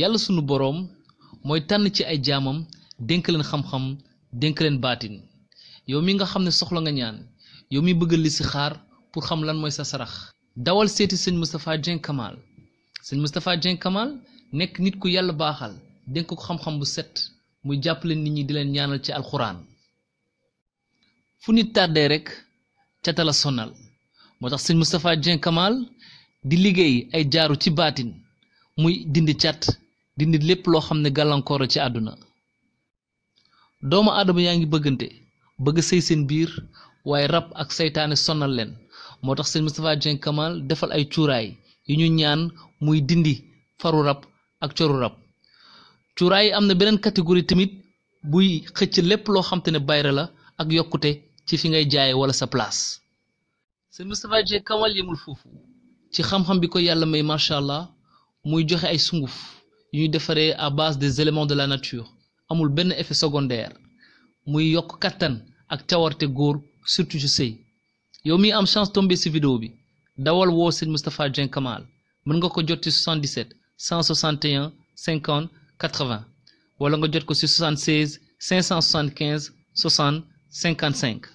yàlla sunu boroom mooy tànn ci ay jaamam dénk leen xam-xam dénk leen baatin yow mi nga xam ne soxla nga ñaan yow mi bëgg li xaar pour xam lan mooy sa sarax dawal seeti sëñ Moustapha Dieng Kamal nekk nit ku yàlla baaxal dénk ko xam-xam bu set muy jàppale nit ñi di leen ñaanal ci alxuraan fu nit tàddee rek cata la sonal moo tax sëñ Moustapha Dieng Kamal di liggéey ay jaaru ci baatin muy dindi cat dindi lépp loo xam ne gàllankoor ci àdduna doomu aadama yaa ngi bëggante bëgg sëy seen biir waaye rab ak seytaane sonal leen moo tax sëñ Moustapha Dieng Kamal defal ay cuuraay yu ñu ñaan muy dindi faru rab ak coru rab cuuraay yi am na beneen catégorie tamit buy xëcc lépp loo xam ne bayra la ak yokkute ci fi ngay jaaye wala sa place sëñ Moustapha Dieng Kamal yemul foofu ci xam-xam bi ko yàlla may macha allah muy joxe ay sunguf yu est defaree à base des éléments de la nature amul benn effet secondaire muy yokk kattan ak cawarte góor surtout ci sëy yow mi am chance tombé ci vidéo bi dawal woo sëñ Moustapha Dieng Kamal mën nga ko jot ci 77 161 50 80 wala nga jot ko ci 76 575 60 55.